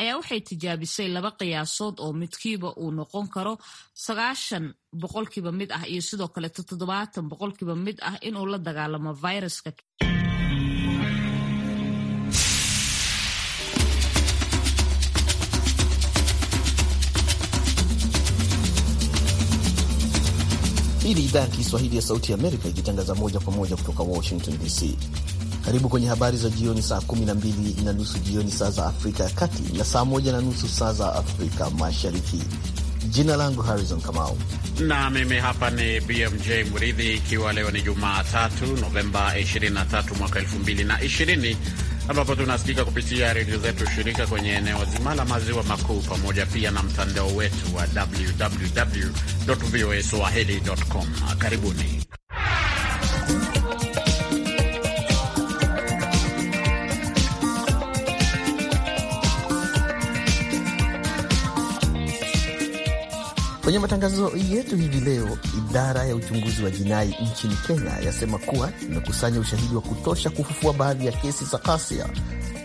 ayaa waxay tijaabisay laba qiyaasood oo midkiiba uu noqon karo sagaashan boqolkiiba mid ah iyo sidoo kaleto toddobaatan boqolkiiba mid ah inuu la dagaalamo viruska Hii ni idhaa ya Kiswahili ya Sauti Amerika ikitangaza moja kwa moja kutoka Washington DC. Karibu kwenye habari za jioni, saa 12 na nusu jioni saa za Afrika ya Kati na saa 1 na nusu saa za Afrika Mashariki. Jina langu Harrison Kamau na mimi hapa ni BMJ Mridhi, ikiwa leo ni Jumatatu Novemba 23 mwaka 2020 ambapo tunasikika kupitia redio zetu shirika kwenye eneo zima la maziwa makuu pamoja pia na mtandao wetu wa www voa swahili com. Karibuni Kwenye matangazo yetu hivi leo, idara ya uchunguzi wa jinai nchini Kenya yasema kuwa imekusanya ushahidi wa kutosha kufufua baadhi ya kesi za ghasia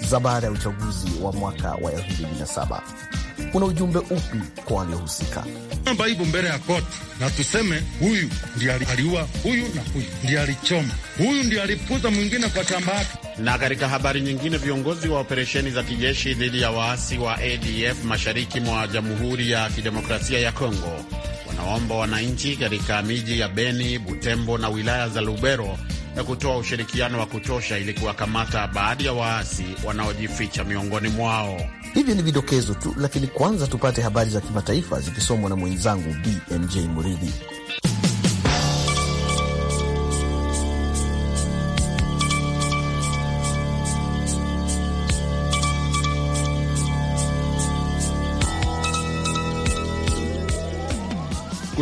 za baada ya uchaguzi wa mwaka wa 2007 una ujumbe upi kwa waliohusika? Namba ipo mbele ya koti na tuseme, huyu ndiye aliua huyu na huyu ndi alichoma huyu ndio alipuza mwingine kwa shamba yake. Na katika habari nyingine, viongozi wa operesheni za kijeshi dhidi ya waasi wa ADF mashariki mwa Jamhuri ya Kidemokrasia ya Kongo wanaomba wananchi katika miji ya Beni, Butembo na wilaya za Lubero na kutoa ushirikiano wa kutosha ili kuwakamata baadhi ya waasi wanaojificha miongoni mwao. Hivyo ni vidokezo tu, lakini kwanza tupate habari za kimataifa zikisomwa na mwenzangu BMJ Muridhi.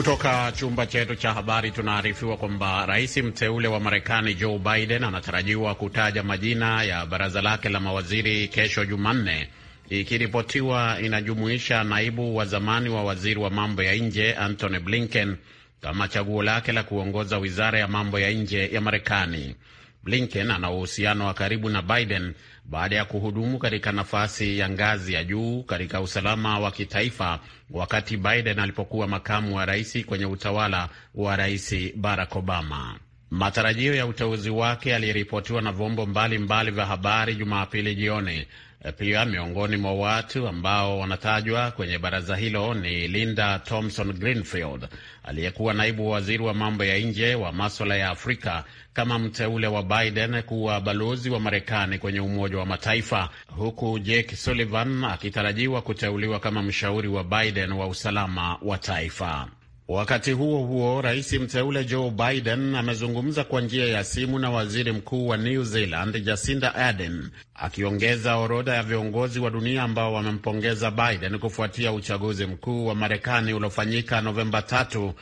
Kutoka chumba chetu cha habari tunaarifiwa kwamba rais mteule wa Marekani Joe Biden anatarajiwa kutaja majina ya baraza lake la mawaziri kesho Jumanne, ikiripotiwa inajumuisha naibu wa zamani wa waziri wa mambo ya nje Antony Blinken kama chaguo lake la kuongoza wizara ya mambo ya nje ya Marekani. Blinken ana uhusiano wa karibu na Biden baada ya kuhudumu katika nafasi ya ngazi ya juu katika usalama wa kitaifa wakati Biden alipokuwa makamu wa rais kwenye utawala wa Rais Barack Obama. Matarajio ya uteuzi wake yaliripotiwa na vyombo mbalimbali vya habari Jumapili jioni Eh, pia miongoni mwa watu ambao wanatajwa kwenye baraza hilo ni Linda Thompson Greenfield, aliyekuwa naibu waziri wa mambo ya nje wa maswala ya Afrika kama mteule wa Biden kuwa balozi wa Marekani kwenye Umoja wa Mataifa, huku Jake Sullivan akitarajiwa kuteuliwa kama mshauri wa Biden wa usalama wa taifa. Wakati huo huo, rais mteule Joe Biden amezungumza kwa njia ya simu na waziri mkuu wa New Zealand Jacinda Ardern, akiongeza orodha ya viongozi wa dunia ambao wamempongeza Biden kufuatia uchaguzi mkuu wa Marekani uliofanyika Novemba tatu,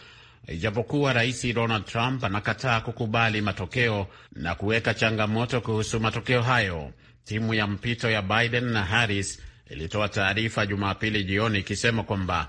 ijapokuwa rais Donald Trump anakataa kukubali matokeo na kuweka changamoto kuhusu matokeo hayo. Timu ya mpito ya Biden na Harris ilitoa taarifa Jumapili jioni ikisema kwamba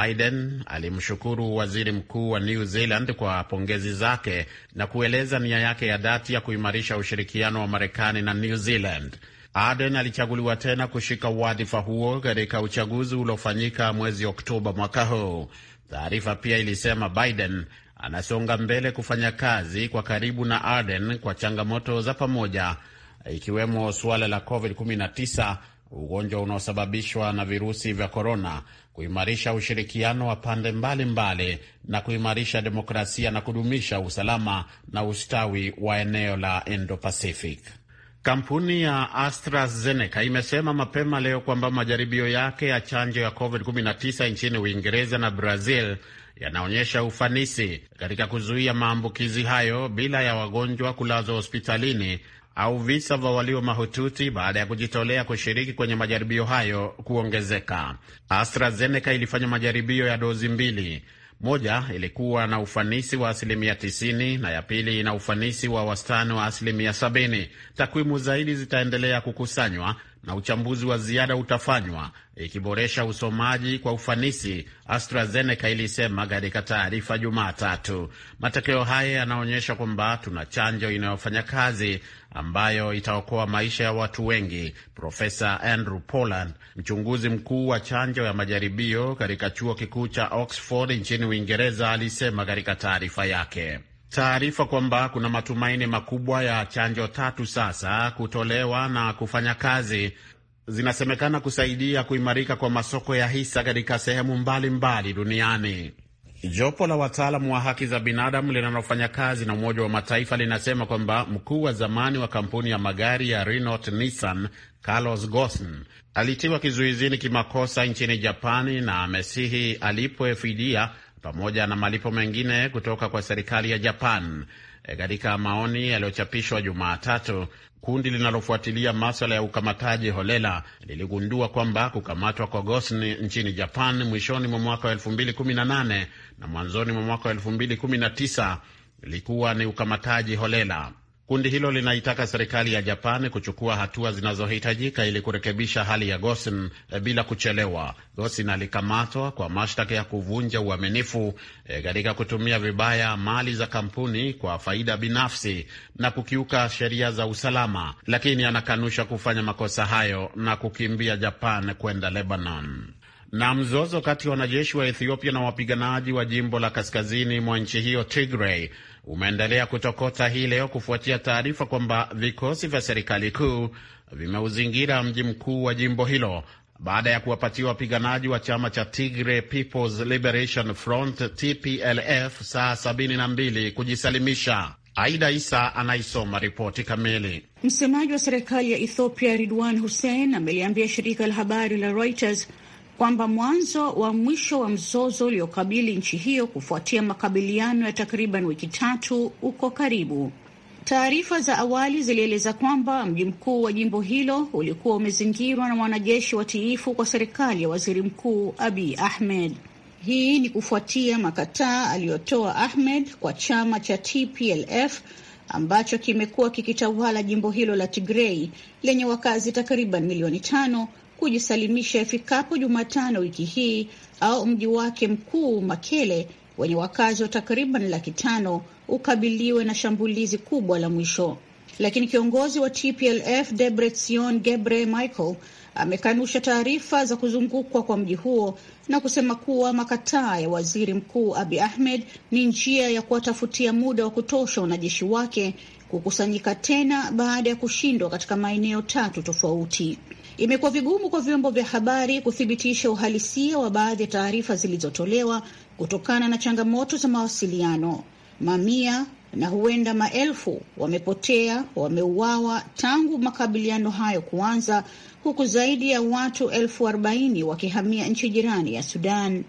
Biden alimshukuru waziri mkuu wa New Zealand kwa pongezi zake na kueleza nia yake ya dhati ya kuimarisha ushirikiano wa Marekani na New Zealand. Aden alichaguliwa tena kushika wadhifa huo katika uchaguzi uliofanyika mwezi Oktoba mwaka huu. Taarifa pia ilisema Biden anasonga mbele kufanya kazi kwa karibu na Aden kwa changamoto za pamoja, ikiwemo suala la COVID-19 ugonjwa unaosababishwa na virusi vya korona, kuimarisha ushirikiano wa pande mbalimbali mbali, na kuimarisha demokrasia na kudumisha usalama na ustawi wa eneo la Indo-Pacific. Kampuni ya AstraZeneca imesema mapema leo kwamba majaribio yake ya chanjo ya COVID-19 nchini Uingereza na Brazil yanaonyesha ufanisi katika kuzuia maambukizi hayo bila ya wagonjwa kulazwa hospitalini au visa vya walio mahututi baada ya kujitolea kushiriki kwenye majaribio hayo kuongezeka. AstraZeneca ilifanya majaribio ya dozi mbili. Moja ilikuwa na ufanisi wa asilimia 90 na ya pili ina ufanisi wa wastani wa asilimia 70. Takwimu zaidi zitaendelea kukusanywa na uchambuzi wa ziada utafanywa ikiboresha usomaji kwa ufanisi, AstraZeneca ilisema katika taarifa Jumatatu. Matokeo haya yanaonyesha kwamba tuna chanjo inayofanya kazi ambayo itaokoa maisha ya watu wengi, Profesa Andrew Poland, mchunguzi mkuu wa chanjo ya majaribio katika chuo kikuu cha Oxford nchini Uingereza, alisema katika taarifa yake taarifa kwamba kuna matumaini makubwa ya chanjo tatu sasa kutolewa na kufanya kazi zinasemekana kusaidia kuimarika kwa masoko ya hisa katika sehemu mbalimbali mbali duniani. Jopo la wataalamu wa haki za binadamu linalofanya kazi na Umoja wa Mataifa linasema kwamba mkuu wa zamani wa kampuni ya magari ya Renault Nissan, Carlos Ghosn, alitiwa kizuizini kimakosa nchini Japani na amesihi alipwe fidia pamoja na malipo mengine kutoka kwa serikali ya Japan. E, katika maoni yaliyochapishwa Jumatatu, kundi linalofuatilia maswala ya ukamataji holela liligundua kwamba kukamatwa kwa Gosni nchini Japan mwishoni mwa mwaka wa 2018 na mwanzoni mwa mwaka wa 2019 ilikuwa ni ukamataji holela. Kundi hilo linaitaka serikali ya Japan kuchukua hatua zinazohitajika ili kurekebisha hali ya Gosin eh, bila kuchelewa. Gosin alikamatwa kwa mashtaka ya kuvunja uaminifu eh, katika e, kutumia vibaya mali za kampuni kwa faida binafsi na kukiuka sheria za usalama, lakini anakanusha kufanya makosa hayo na kukimbia Japan kwenda Lebanon. Na mzozo kati ya wanajeshi wa Ethiopia na wapiganaji wa jimbo la kaskazini mwa nchi hiyo Tigray umeendelea kutokota hii leo kufuatia taarifa kwamba vikosi vya serikali kuu vimeuzingira mji mkuu wa jimbo hilo baada ya kuwapatia wapiganaji wa chama cha Tigray People's Liberation Front TPLF saa 72 kujisalimisha. Aida Isa anaisoma ripoti kamili. Msemaji wa serikali ya Ethiopia Ridwan Hussein ameliambia shirika la habari la Reuters kwamba mwanzo wa mwisho wa mzozo uliokabili nchi hiyo kufuatia makabiliano ya takriban wiki tatu uko karibu. Taarifa za awali zilieleza kwamba mji mkuu wa jimbo hilo ulikuwa umezingirwa na wanajeshi watiifu kwa serikali ya waziri mkuu abi Ahmed. Hii ni kufuatia makataa aliyotoa Ahmed kwa chama cha TPLF ambacho kimekuwa kikitawala jimbo hilo la Tigrei lenye wakazi takriban milioni tano kujisalimisha ifikapo Jumatano wiki hii au mji wake mkuu Makele wenye wakazi wa takriban laki tano ukabiliwe na shambulizi kubwa la mwisho. Lakini kiongozi wa TPLF Debretsion Gebre Michael amekanusha taarifa za kuzungukwa kwa mji huo na kusema kuwa makataa ya waziri mkuu Abi Ahmed ni njia ya kuwatafutia muda wa kutosha wanajeshi wake kukusanyika tena baada ya kushindwa katika maeneo tatu tofauti. Imekuwa vigumu kwa vyombo vya habari kuthibitisha uhalisia wa baadhi ya taarifa zilizotolewa kutokana na changamoto za mawasiliano. Mamia na huenda maelfu wamepotea, wameuawa tangu makabiliano hayo kuanza, huku zaidi ya watu elfu arobaini wakihamia nchi jirani ya Sudan.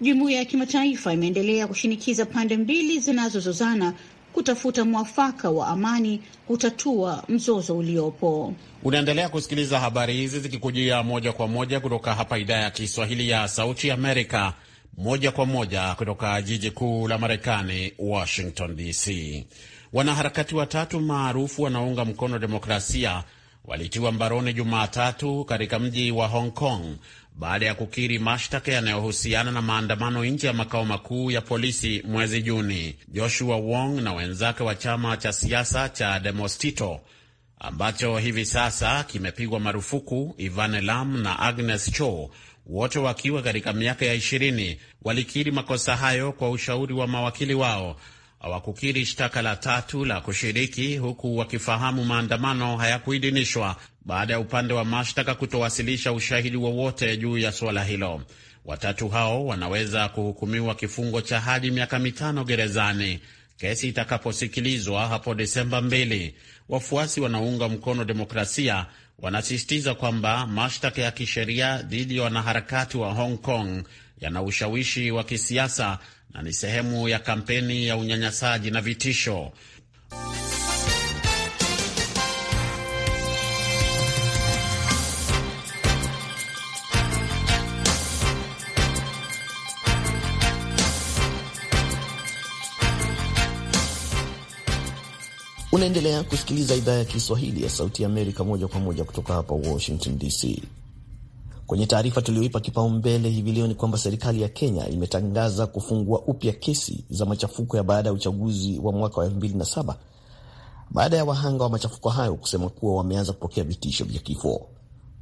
Jumuiya ya kimataifa imeendelea kushinikiza pande mbili zinazozozana kutafuta mwafaka wa amani kutatua mzozo uliopo. Unaendelea kusikiliza habari hizi zikikujia moja kwa moja kutoka hapa idhaa ya Kiswahili ya Sauti Amerika, moja kwa moja kutoka jiji kuu la Marekani, Washington DC. Wanaharakati watatu maarufu wanaunga mkono demokrasia walitiwa mbaroni Jumatatu katika mji wa Hong Kong baada ya kukiri mashtaka yanayohusiana na maandamano nje ya makao makuu ya polisi mwezi Juni. Joshua Wong na wenzake wa chama cha siasa cha Demostito ambacho hivi sasa kimepigwa marufuku, Ivan Lam na Agnes Cho, wote wakiwa katika miaka ya ishirini, walikiri makosa hayo kwa ushauri wa mawakili wao hawakukiri shtaka la tatu la kushiriki, huku wakifahamu maandamano hayakuidhinishwa baada ya upande wa mashtaka kutowasilisha ushahidi wowote juu ya suala hilo. Watatu hao wanaweza kuhukumiwa kifungo cha hadi miaka mitano gerezani kesi itakaposikilizwa hapo Desemba 2. Wafuasi wanaounga mkono demokrasia wanasisitiza kwamba mashtaka ya kisheria dhidi ya wanaharakati wa Hong Kong yana ushawishi wa kisiasa na ni sehemu ya kampeni ya unyanyasaji na vitisho. Unaendelea kusikiliza idhaa ya Kiswahili ya Sauti ya Amerika moja kwa moja kutoka hapa Washington DC. Kwenye taarifa tuliyoipa kipaumbele hivi leo ni kwamba serikali ya Kenya imetangaza kufungua upya kesi za machafuko ya baada ya uchaguzi wa mwaka wa 2007 baada ya wahanga wa machafuko hayo kusema kuwa wameanza kupokea vitisho vya kifo.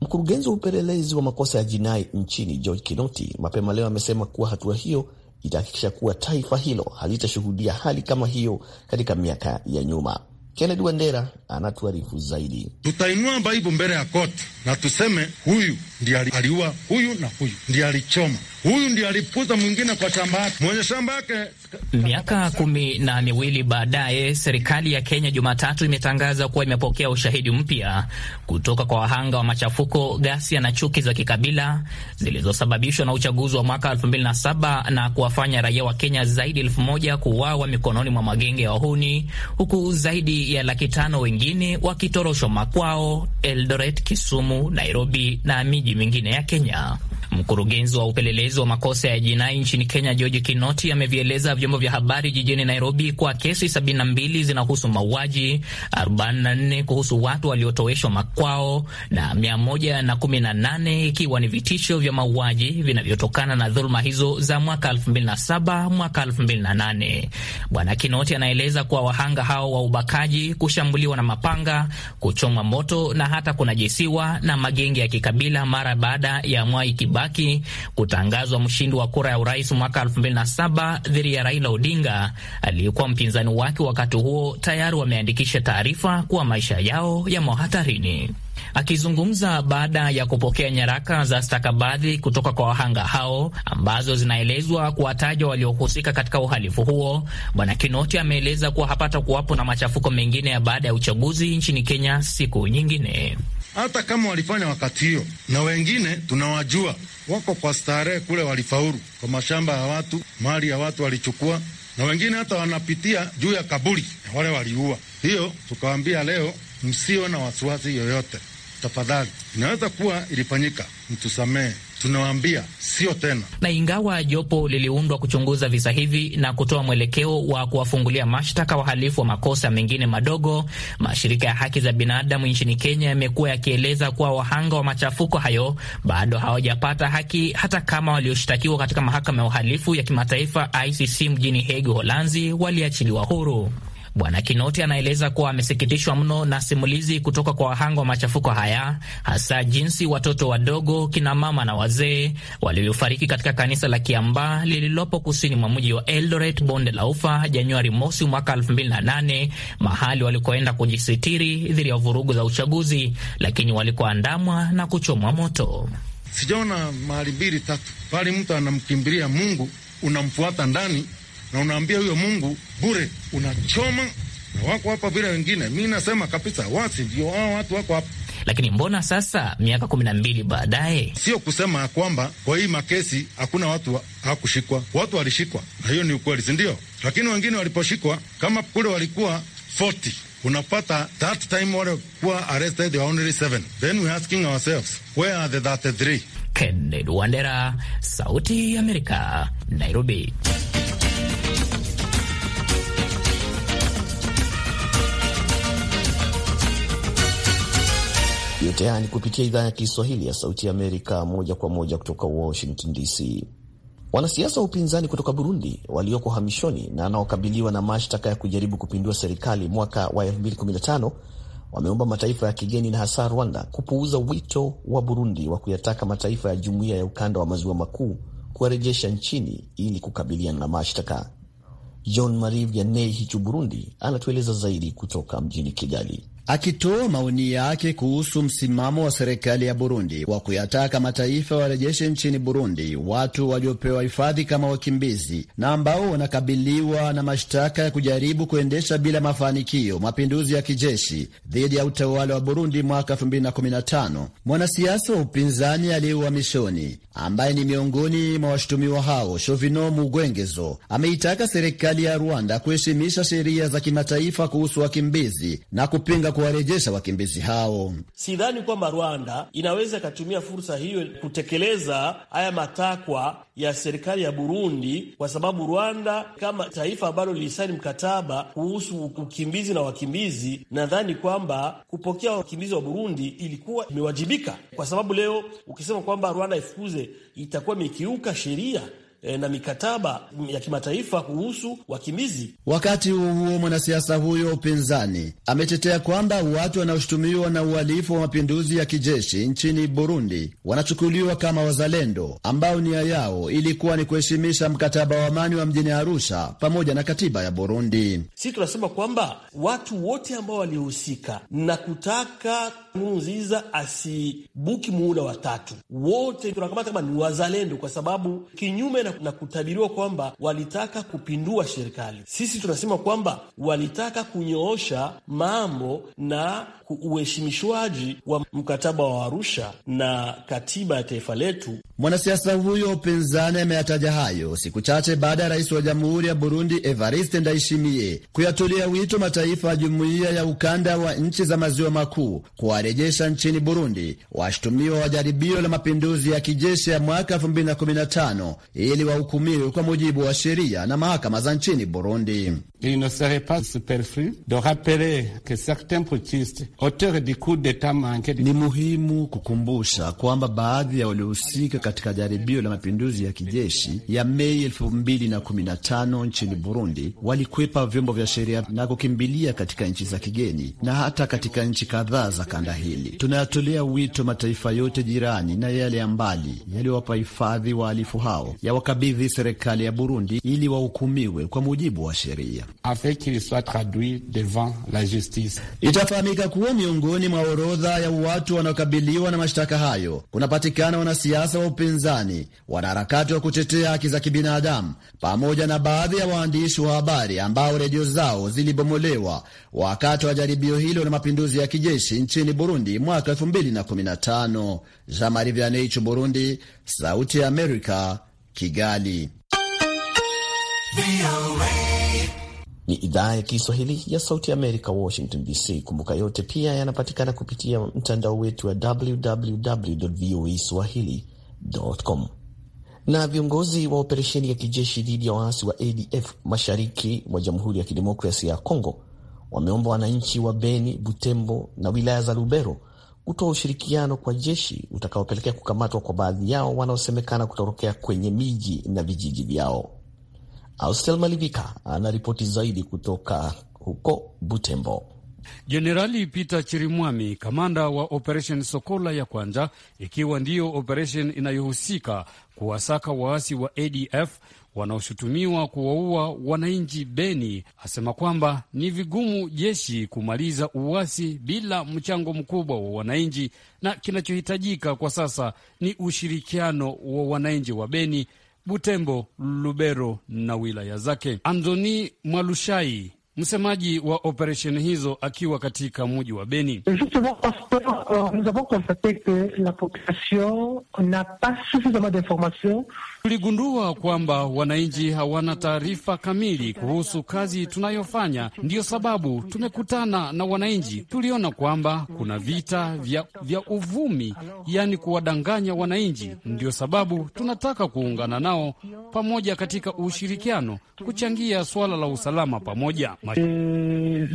Mkurugenzi wa upelelezi wa makosa ya jinai nchini George Kinoti mapema leo amesema kuwa hatua hiyo itahakikisha kuwa taifa hilo halitashuhudia hali kama hiyo katika miaka ya nyuma. Kennedy Wendera anatuarifu zaidi. Tutainua Baibu mbele ya koti na tuseme, huyu ndi aliua, huyu na huyu ndi alichoma, huyu ndi alipuza mwingine kwa shamba yake, mwenye shamba yake. Miaka kumi na miwili baadaye, serikali ya Kenya Jumatatu imetangaza kuwa imepokea ushahidi mpya kutoka kwa wahanga wa machafuko, ghasia na chuki za kikabila zilizosababishwa na uchaguzi wa mwaka 2007 na kuwafanya raia wa Kenya zaidi elfu moja kuuawa mikononi mwa magenge ya wahuni huku zaidi ya laki tano wengine wakitoroshwa makwao Eldoret, Kisumu, Nairobi na miji mingine ya Kenya. Mkurugenzi wa upelelezi wa makosa ya jinai nchini Kenya, George Kinoti, amevieleza vyombo vya habari jijini Nairobi kwa kesi 72 zinahusu mauaji, 44 kuhusu watu waliotoweshwa makwao na 118 ikiwa ni vitisho vya mauaji vinavyotokana na dhuluma hizo za mwaka 2007 mwaka 2008. Bwana Kinoti anaeleza kuwa wahanga hao wa ubakaji, kushambuliwa na mapanga, kuchomwa moto na hata kunajisiwa na magenge ya kikabila mara baada ya Mwai Kibaki Kibaki kutangazwa mshindi wa kura ya urais mwaka 2007 dhidi ya Raila Odinga aliyekuwa mpinzani wake wakati huo, tayari wameandikisha taarifa kuwa maisha yao yamo hatarini. Akizungumza baada ya kupokea nyaraka za stakabadhi kutoka kwa wahanga hao ambazo zinaelezwa kuwataja waliohusika katika uhalifu huo, Bwana Kinoti ameeleza kuwa hapata kuwapo na machafuko mengine ya baada ya uchaguzi nchini Kenya siku nyingine hata kama walifanya wakati hiyo, na wengine tunawajua wako kwa starehe kule, walifaulu kwa mashamba ya watu, mali ya watu walichukua, na wengine hata wanapitia juu ya kaburi na wale waliua. Hiyo tukawaambia leo, msio na wasiwasi yoyote, tafadhali, inaweza kuwa ilifanyika, mtusamehe tunawaambia sio tena. Na ingawa jopo liliundwa kuchunguza visa hivi na kutoa mwelekeo wa kuwafungulia mashtaka wahalifu wa makosa mengine madogo, mashirika ya haki za binadamu nchini Kenya yamekuwa yakieleza kuwa wahanga wa machafuko hayo bado hawajapata haki, hata kama walioshtakiwa katika mahakama ya uhalifu ya kimataifa ICC mjini Hague, holanzi waliachiliwa huru. Bwana Kinoti anaeleza kuwa amesikitishwa mno na simulizi kutoka kwa wahanga wa machafuko haya, hasa jinsi watoto wadogo, kinamama na wazee waliofariki katika kanisa la Kiambaa lililopo kusini mwa mji wa Eldoret, bonde la Ufa, Januari mosi mwaka 2008, mahali walikoenda kujisitiri dhidi ya vurugu za uchaguzi, lakini walikoandamwa na kuchomwa moto. Sijaona mahali mbili tatu pali mtu anamkimbilia Mungu, unamfuata ndani na unaambia huyo Mungu bure, unachoma na wako hapa vile wengine. Mi nasema kabisa, wasi ndio hao watu wako hapa. Lakini mbona sasa miaka kumi na mbili baadaye? Sio kusema ya kwamba kwa hii makesi hakuna watu hakushikwa, wa, watu walishikwa, na hiyo ni ukweli, si ndio? Lakini wengine waliposhikwa kama kule walikuwa 40 unapata that time wale kuwa arrested only 7 then we asking ourselves where are the 33? Kennedy Wandera, Sauti ya Amerika, Nairobi. Yote haya ni kupitia idhaa ya Kiswahili ya Sauti ya Amerika, moja kwa moja kutoka Washington DC. Wanasiasa wa upinzani kutoka Burundi walioko hamishoni na wanaokabiliwa na mashtaka ya kujaribu kupindua serikali mwaka wa 2015 wameomba mataifa ya kigeni na hasa Rwanda kupuuza wito wa Burundi wa kuyataka mataifa ya jumuiya ya ukanda wa maziwa makuu kuwarejesha nchini ili kukabiliana na mashtaka. John Marie Vianney Hichu, Burundi, anatueleza zaidi kutoka mjini Kigali. Akitoa maoni yake kuhusu msimamo wa serikali ya Burundi wa kuyataka mataifa warejeshe nchini Burundi watu waliopewa hifadhi kama wakimbizi na ambao wanakabiliwa na mashtaka ya kujaribu kuendesha bila mafanikio mapinduzi ya kijeshi dhidi ya utawala wa Burundi mwaka 2015, mwanasiasa wa upinzani aliye uhamishoni ambaye ni miongoni mwa washutumiwa hao, Shovino Mugwengezo, ameitaka serikali ya Rwanda kuheshimisha sheria za kimataifa kuhusu wakimbizi na kupinga kuwarejesha wakimbizi hao. Sidhani kwamba Rwanda inaweza ikatumia fursa hiyo kutekeleza haya matakwa ya serikali ya Burundi, kwa sababu Rwanda kama taifa ambalo lilisaini mkataba kuhusu ukimbizi na wakimbizi, nadhani kwamba kupokea wakimbizi wa Burundi ilikuwa imewajibika, kwa sababu leo ukisema kwamba Rwanda ifukuze itakuwa imekiuka sheria Eh, na mikataba ya kimataifa kuhusu wakimbizi. Wakati huo huo, mwanasiasa huyo upinzani ametetea kwamba watu wanaoshutumiwa na uhalifu wa mapinduzi ya kijeshi nchini Burundi wanachukuliwa kama wazalendo ambao nia yao ilikuwa ni kuheshimisha mkataba wa amani wa mjini Arusha pamoja na katiba ya Burundi. Sisi tunasema kwamba watu wote ambao walihusika na kutaka Nkurunziza asibuki muhula watatu, wote tunakamata kama ni wazalendo, kwa sababu kinyume na, na kutabiriwa kwamba walitaka kupindua serikali. Sisi tunasema kwamba walitaka kunyoosha mambo na uheshimishwaji wa mkataba wa Arusha na katiba ya taifa letu Mwanasiasa huyo upinzani ameyataja hayo siku chache baada ya rais wa jamhuri ya Burundi Evariste Ndayishimiye kuyatulia wito mataifa ya jumuiya ya ukanda wa nchi za maziwa makuu kuwarejesha nchini Burundi washutumiwa wa jaribio la mapinduzi ya kijeshi ya mwaka 2015 ili wahukumiwe kwa mujibu wa sheria na mahakama za nchini Burundi. Il ne serait pas superflu de rappeler que certains auteurs du coup d'etat manqué ni muhimu kukumbusha kwamba baadhi ya waliohusika katika jaribio la mapinduzi ya kijeshi ya Mei 2015 nchini Burundi walikwepa vyombo vya sheria na kukimbilia katika nchi za kigeni na hata katika nchi kadhaa za kanda hili. Tunayatolea wito mataifa yote jirani na yale ya mbali yaliyowapa hifadhi wahalifu hao wakabidhi serikali ya Burundi ili wahukumiwe kwa mujibu wa sheria. Itafahamika kuwa miongoni mwa orodha ya watu wanaokabiliwa na mashtaka hayo kunapatikana wanasiasa wa upinzani, wanaharakati wa kutetea haki za kibinadamu, pamoja na baadhi ya waandishi wa habari ambao redio zao zilibomolewa wakati wa jaribio hilo la mapinduzi ya kijeshi nchini Burundi mwaka 2015. Jamari Vianeichu, Burundi, Sauti ya Amerika, Kigali. Ni idhaa ya Kiswahili ya Sauti Amerika, Washington DC. Kumbuka yote pia yanapatikana kupitia mtandao wetu wa www voa swahili gmail.com. Na viongozi wa operesheni ya kijeshi dhidi ya waasi wa ADF mashariki mwa Jamhuri ya Kidemokrasia ya Kongo wameomba wananchi wa Beni, Butembo na wilaya za Lubero kutoa ushirikiano kwa jeshi utakaopelekea kukamatwa kwa baadhi yao wanaosemekana kutorokea kwenye miji na vijiji vyao. Austel Malivika ana ripoti zaidi kutoka huko Butembo. Jenerali Peter Chirimwami, kamanda wa operesheni Sokola ya kwanza, ikiwa ndiyo operesheni inayohusika kuwasaka waasi wa ADF wanaoshutumiwa kuwaua wananchi Beni, asema kwamba ni vigumu jeshi kumaliza uasi bila mchango mkubwa wa wananchi, na kinachohitajika kwa sasa ni ushirikiano wa wananchi wa Beni, Butembo, Lubero na wilaya zake. antoni Mwalushai Msemaji wa operesheni hizo akiwa katika mji wa Beni. Tuligundua kwamba wananchi hawana taarifa kamili kuhusu kazi tunayofanya. Ndiyo sababu tumekutana na wananchi, tuliona kwamba kuna vita vya, vya uvumi, yaani kuwadanganya wananchi. Ndiyo sababu tunataka kuungana nao pamoja katika ushirikiano, kuchangia suala la usalama pamoja eh,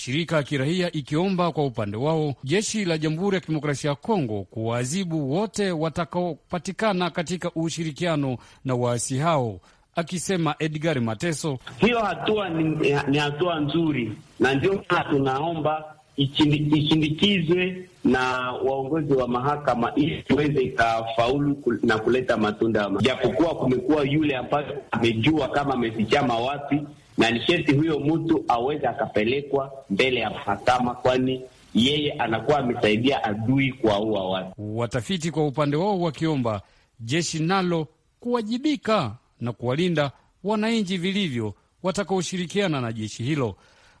shirika ya kiraia ikiomba kwa upande wao jeshi la Jamhuri ya Kidemokrasia ya Kongo kuwaadhibu wote watakao utakaopatikana katika ushirikiano na waasi hao, akisema Edgar Mateso. Hiyo hatua ni, ni hatua nzuri na ndio maana tunaomba ishindikizwe na waongozi wa mahakama ili iweze ikafaulu na kuleta matunda, japokuwa kumekuwa yule ambayo amejua kama amefichama wapi, na ni huyo mtu aweze akapelekwa mbele ya mahakama, kwani yeye anakuwa amesaidia adui kuwaua watu. Watafiti kwa upande wao wakiomba jeshi nalo kuwajibika na kuwalinda wananchi vilivyo watakaoshirikiana na jeshi hilo.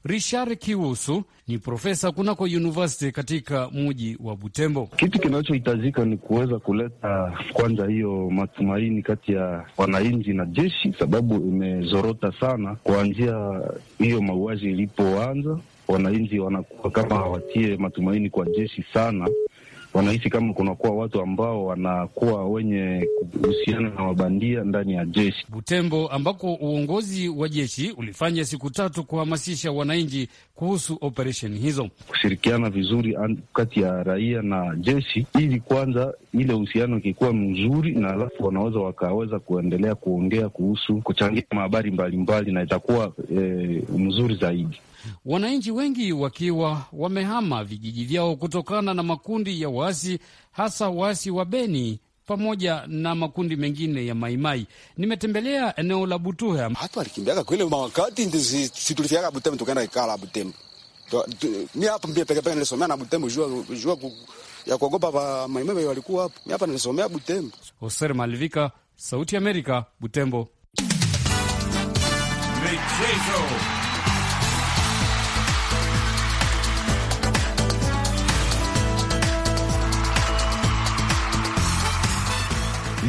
Richard Kiusu ni profesa kunako university katika muji wa Butembo. Kitu kinachohitajika ni kuweza kuleta kwanza hiyo matumaini kati ya wananchi na jeshi, sababu imezorota sana kuanzia hiyo mauaji ilipoanza wananchi wanakuwa kama hawatie matumaini kwa jeshi sana, wanahisi kama kunakuwa watu ambao wanakuwa wenye kuhusiana na wabandia ndani ya jeshi. Butembo ambako uongozi wa jeshi ulifanya siku tatu kuhamasisha wananchi kuhusu operesheni hizo. Kushirikiana vizuri kati ya raia na jeshi, ili kwanza ile uhusiano ikikuwa mzuri, na alafu wanaweza wakaweza kuendelea kuongea kuhusu kuchangia mahabari mbalimbali, na itakuwa e, mzuri zaidi. Wananchi wengi wakiwa wamehama vijiji vyao kutokana na makundi ya waasi, hasa waasi wa Beni pamoja na makundi mengine ya maimai. Nimetembelea eneo la Butuhe. Hatu alikimbiaka kwile mawakati ndizi situlifiaka Butembo tukaenda ikala Butembo. Mi hapa mbia peke peke nilisomea na Butembo jua jua ya kuogopa wa maimai walikuwa hapa. Mi hapa nilisomea Butembo. Hoser Malivika, Sauti ya Amerika, Butembo. Michezo.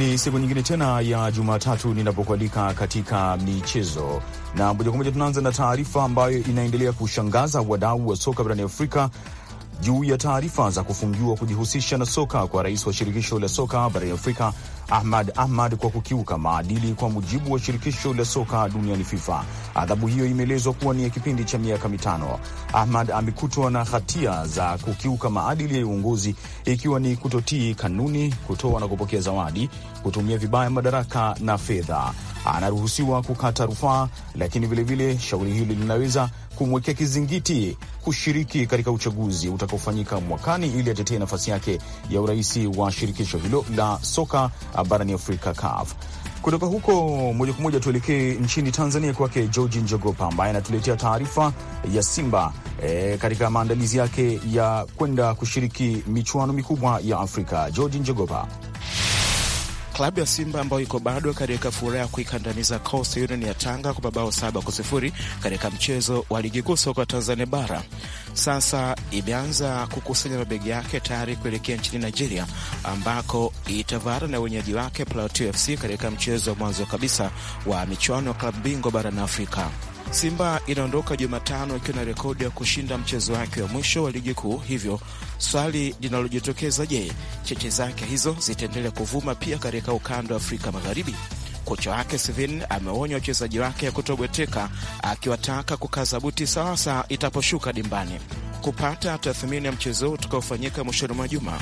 Ni siku nyingine tena ya Jumatatu ninapokualika katika michezo, na moja kwa moja tunaanza na taarifa ambayo inaendelea kushangaza wadau wa soka barani Afrika juu ya taarifa za kufungiwa kujihusisha na soka kwa rais wa shirikisho la soka barani Afrika Ahmad Ahmad kwa kukiuka maadili kwa mujibu wa shirikisho la soka duniani FIFA. Adhabu hiyo imeelezwa kuwa ni ya kipindi cha miaka mitano. Ahmad amekutwa na hatia za kukiuka maadili ya uongozi, ikiwa ni kutotii kanuni, kutoa na kupokea zawadi, kutumia vibaya madaraka na fedha. Anaruhusiwa kukata rufaa, lakini vilevile shauri hili linaweza kumwekea kizingiti kushiriki katika uchaguzi utakaofanyika mwakani ili atetee nafasi yake ya urais wa shirikisho hilo la soka uh, barani Afrika, CAF. Kutoka huko moja kwa moja tuelekee nchini Tanzania, kwake Georgi Njogopa ambaye anatuletea taarifa ya Simba e, katika maandalizi yake ya kwenda kushiriki michuano mikubwa ya Afrika. Georgi Njogopa. Klabu ya Simba ambayo iko bado katika furaha ya kuikandamiza Coast Union ya Tanga kwa mabao saba kwa sifuri katika mchezo wa ligi kuu soka Tanzania bara sasa imeanza kukusanya mabegi yake tayari kuelekea nchini Nigeria ambako itavara na wenyeji wake Plateau FC katika mchezo wa mwanzo kabisa wa michuano ya klabu bingwa barani Afrika. Simba inaondoka Jumatano ikiwa na rekodi ya kushinda mchezo wake wa mwisho wa ligi kuu. Hivyo swali linalojitokeza, je, cheche zake hizo zitaendelea kuvuma pia katika ukanda wa Afrika Magharibi? Kocha wake Sivin ameonya wachezaji wake kutobweteka, akiwataka kukaza buti sawasa itaposhuka dimbani. Kupata tathmini ya mchezo utakaofanyika mwishoni mwa juma,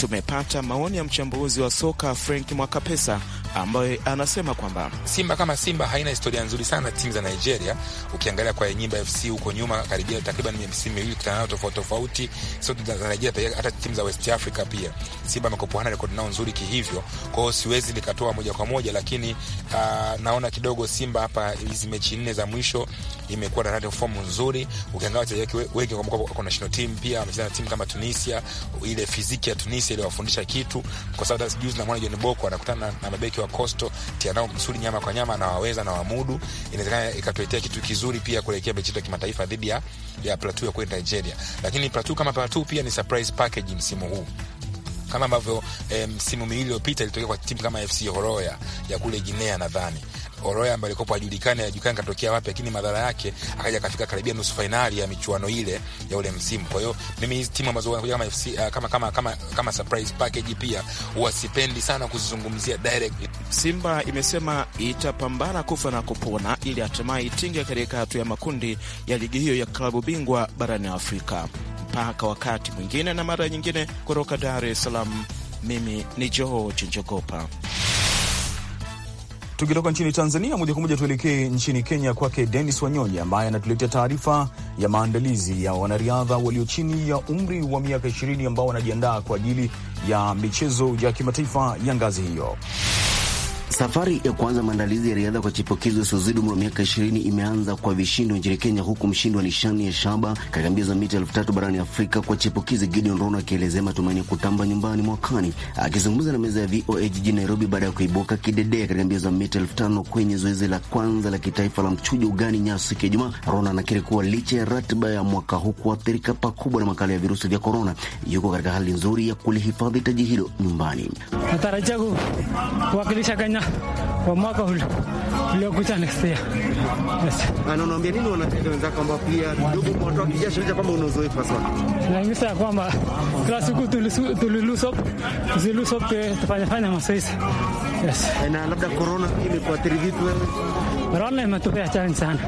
tumepata maoni ya mchambuzi wa soka Frank Mwakapesa ambaye anasema kwamba Simba kama Simba haina historia nzuri sana na timu za Nigeria. Ukiangalia kwa Enyimba FC huko nyuma, karibia takriban misimu miwili kutana tofauti tofauti, sio tu za Nigeria, hata timu za West Africa pia. Simba amekopo rekodi nao nzuri kihivyo, kwa hiyo siwezi nikatoa moja kwa moja, lakini uh, naona kidogo Simba hapa hizi mechi nne za mwisho imekuwa na fomu nzuri. Ukiangalia wachezaji wengi kwa mkopo kwa national team pia wamecheza na timu kama Tunisia, ile fiziki ya Tunisia Messi aliwafundisha kitu, kwa sababu juzi John Boko anakutana na mabeki wa msuri nyama kwa nyama, anawaweza na wamudu, inawezekana ikatuletea kitu kizuri pia kuelekea mechi ya kimataifa dhidi ya ya Plateau ya kwenda Nigeria. Lakini Plateau kama Plateau pia ni surprise package msimu huu kama ambavyo eh, msimu miwili iliyopita ilitokea kwa timu kama FC Horoya ya kule Guinea nadhani Oroya ambaye alikuwa hajulikani hajulikani katokea wapi, lakini madhara yake akaja akafika karibia nusu fainali ya michuano ile ya ule msimu. Kwa hiyo mimi hizi timu ambazo wanakuja kama FC uh, ah, kama kama kama kama surprise package pia wasipendi sana kuzizungumzia direct. Simba imesema itapambana kufa na kupona ili hatimaye itinge katika hatua ya makundi ya ligi hiyo ya klabu bingwa barani Afrika. Mpaka wakati mwingine na mara nyingine, kutoka Dar es Salaam, mimi ni Joho Njogopa. Tukitoka nchini Tanzania moja kwa moja tuelekee nchini Kenya, kwake Denis Wanyonyi ambaye anatuletea taarifa ya maandalizi ya wanariadha walio chini ya umri wa miaka ishirini ambao wanajiandaa kwa ajili ya michezo ya kimataifa ya ngazi hiyo. Safari ya kuanza maandalizi ya riadha kwa chipukizi wasiozidi umri wa miaka ishirini imeanza kwa vishindo nchini Kenya, huku mshindi wa nishani ya shaba katika mbio za mita elfu tatu barani Afrika kwa chipukizi Gideon Rono akielezea matumaini ya kutamba nyumbani mwakani. Akizungumza na meza ya VOA jijini Nairobi baada ya kuibuka kidedea katika mbio za mita elfu tano kwenye zoezi la kwanza la kitaifa la mchujo ugani Nyayo siku ya Ijumaa, Rono anakiri kuwa licha ya ratiba ya mwaka huu kuathirika pakubwa na makali ya virusi vya korona, yuko katika hali nzuri ya kulihifadhi taji hilo nyumbani. Natarajia kuwakilisha Kenya kwa mwaka uliopita next year. Yes. Anaambia nini wenzako ambao pia ndugu una uzoefu ya kwamba kila siku eh, tufanye Yes. Eh, na labda corona imekuathiri vipi wewe? Corona imetupea challenge sana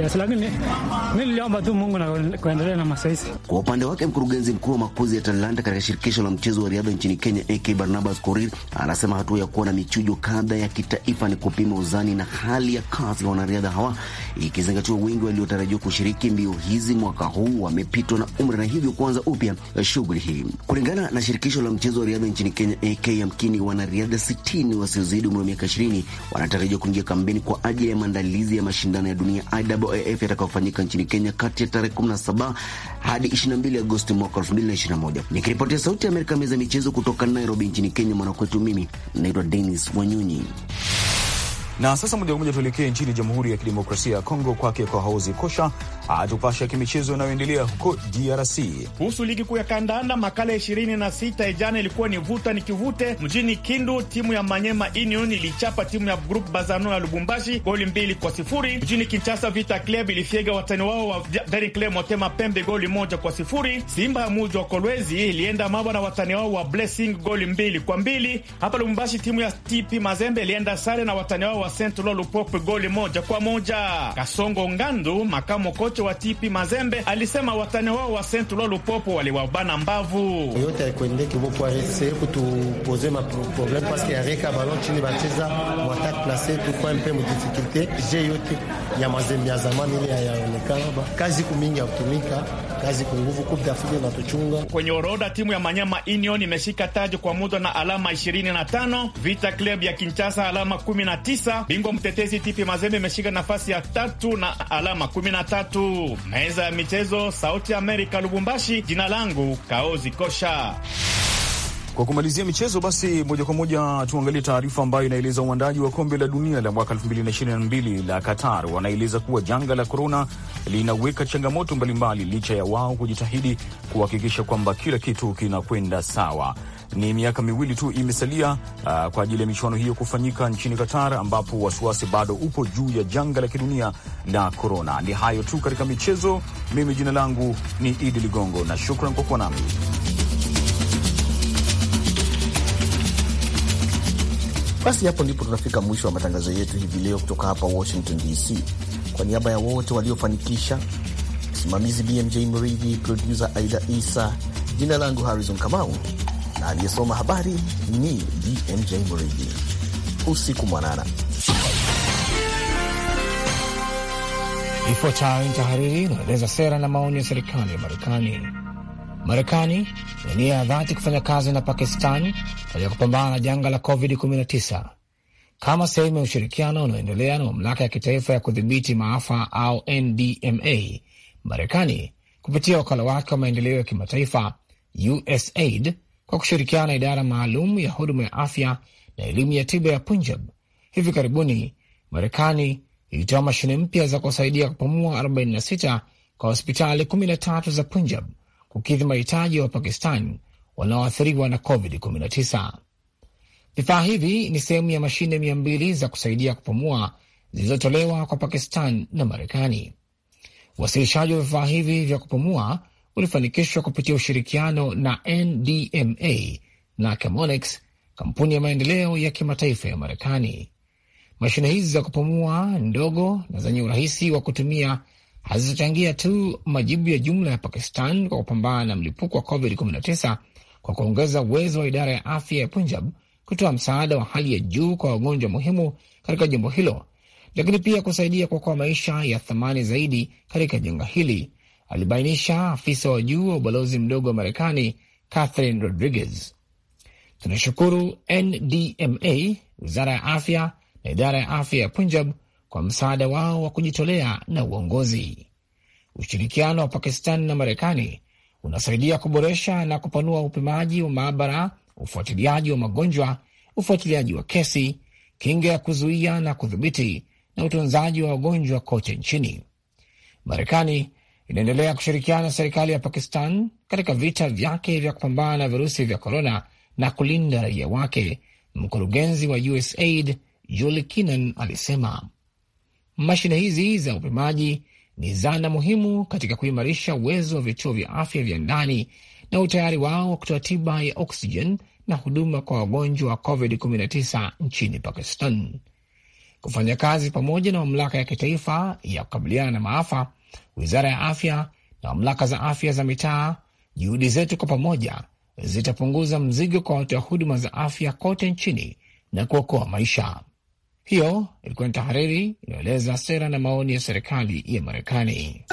kiasi, lakini mimi eh. niliomba tu Mungu na kuendelea na mazoezi. Kwa upande wake mkurugenzi mkuu wa makuzi ya talanta katika shirikisho la mchezo wa riadha nchini Kenya, AK Barnabas Korir, anasema hatua ya kuwa na michujo kadha ya kitaifa ni kupima uzani na hali ya kazi ya wanariadha hawa, ikizingatiwa wengi waliotarajiwa kushiriki mbio hizi mwaka huu wamepitwa na umri na hivyo kuanza upya shughuli hii. Kulingana na shirikisho la mchezo wa riadha nchini Kenya, AK yamkini, wanariadha 60 wasiozidi umri wa miaka 20 wanatarajiwa kuingia kambini kwa ajili ya maandalizi ya mashindano ya dunia IW mkataba wa AF yatakaofanyika nchini Kenya kati ya tarehe 17 hadi 22 Agosti mwaka 2021. Nikiripotia Sauti ya Amerika, meza michezo kutoka Nairobi nchini Kenya, mwanakwetu mimi naitwa Dennis Wanyunyi. Na sasa moja kwa moja tuelekee nchini Jamhuri ya Kidemokrasia ya Kongo, kwake kwa Hauzi Kosha atupasha kimichezo inayoendelea huko DRC kuhusu ligi kuu ya kandanda. Makala ishirini na sita ijana ilikuwa ni vuta ni kivute mjini Kindu. Timu ya Manyema Union ilichapa timu ya Grup Bazano ya Lubumbashi goli mbili kwa sifuri. Mjini Kinshasa, Vita Club ilifyega watani wao wa Daring Club Motema Pembe goli moja kwa sifuri. Simba ya muji wa Kolwezi ilienda mabwa na watani wao wa Blessing goli mbili kwa mbili. Hapa Lubumbashi, timu ya TP Mazembe ilienda sare na watani wao wa Central Lupopo goli moja kwa moja. Kasongo Ngandu, makamu kocha wa Tipi Mazembe, alisema watani wao wa Central Lupopo waliwabana mbavu yote aikuendeki kutupoze paske balon chini bacheza plase mpe je yote ya Mazembe ya zamani kazi kumingi kazi kunguvu kwenye orodha. Timu ya Manyama Union imeshika taji kwa muda na alama 25, Vita Club ya Kinshasa alama 19 sasa bingwa mtetezi TP Mazembe imeshika nafasi ya tatu na alama kumi na tatu. Meza ya michezo, Sauti Amerika, Lubumbashi. Jina langu Kaozi Kosha. Kwa kumalizia michezo basi, moja kwa moja tuangalie taarifa ambayo inaeleza uandaji wa kombe la dunia la mwaka 2022 la Qatar. Wanaeleza kuwa janga la korona linaweka changamoto mbalimbali, licha ya wao kujitahidi kuhakikisha kwamba kila kitu kinakwenda sawa. Ni miaka miwili tu imesalia uh, kwa ajili ya michuano hiyo kufanyika nchini Qatar, ambapo wasiwasi bado upo juu ya janga la kidunia la korona. Ni hayo tu katika michezo. Mimi jina langu ni Idi Ligongo na shukran kwa kuwa nami. Basi hapo ndipo tunafika mwisho wa matangazo yetu hivi leo kutoka hapa Washington DC. Kwa niaba ya wote waliofanikisha, msimamizi BMJ Mridhi, produsa Aida Isa, jina langu Harrison Kamau na aliyesoma habari ni BMJ Muridi. Usiku mwanana. Ifuatayo ni tahariri inaeleza sera na maoni ya serikali ya Marekani. Marekani ina nia ya dhati kufanya kazi na Pakistani katika kupambana na janga la COVID-19 kama sehemu ya ushirikiano unaoendelea na mamlaka ya kitaifa ya kudhibiti maafa au NDMA. Marekani kupitia wakala wake wa maendeleo ya kimataifa USAID kwa kushirikiana na idara maalum ya huduma ya afya na elimu ya tiba ya Punjab. Hivi karibuni Marekani ilitoa mashine mpya za kusaidia kupumua 46 kwa hospitali 13 za Punjab kukidhi mahitaji ya Wapakistan wanaoathiriwa na COVID-19. Vifaa hivi ni sehemu ya mashine 200 za kusaidia kupumua zilizotolewa kwa Pakistan na Marekani. Uwasilishaji wa vifaa hivi vya kupumua ulifanikishwa kupitia ushirikiano na NDMA na Chemonex, kampuni ya maendeleo ya kimataifa ya Marekani. Mashine hizi za kupumua ndogo na zenye urahisi wa kutumia hazitachangia tu majibu ya jumla ya Pakistan kwa kupambana na mlipuko wa COVID-19 kwa kuongeza uwezo wa idara ya afya ya Punjab kutoa msaada wa hali ya juu kwa wagonjwa muhimu katika jimbo hilo, lakini pia kusaidia kuokoa maisha ya thamani zaidi katika janga hili, alibainisha afisa wa juu wa ubalozi mdogo wa Marekani Catherine Rodriguez. Tunashukuru NDMA, wizara ya afya na idara ya afya ya Punjab kwa msaada wao wa kujitolea na uongozi. Ushirikiano wa Pakistani na Marekani unasaidia kuboresha na kupanua upimaji wa maabara, ufuatiliaji wa magonjwa, ufuatiliaji wa kesi, kinga ya kuzuia na kudhibiti, na utunzaji wa wagonjwa kote nchini. Marekani inaendelea kushirikiana na serikali ya Pakistan katika vita vyake vya kupambana na virusi vya korona na kulinda raia wake. Mkurugenzi wa USAID Julie Kinnan alisema mashine hizi za upimaji ni zana muhimu katika kuimarisha uwezo wa vituo vya afya vya ndani na utayari wao wa kutoa tiba ya oksijen na huduma kwa wagonjwa wa COVID-19 nchini Pakistan. Kufanya kazi pamoja na mamlaka ya kitaifa ya kukabiliana na maafa wizara ya afya na mamlaka za afya za mitaa. Juhudi zetu kwa pamoja zitapunguza mzigo kwa watoa huduma za afya kote nchini na kuokoa maisha. Hiyo ilikuwa ni tahariri inayoeleza sera na maoni ya serikali ya Marekani.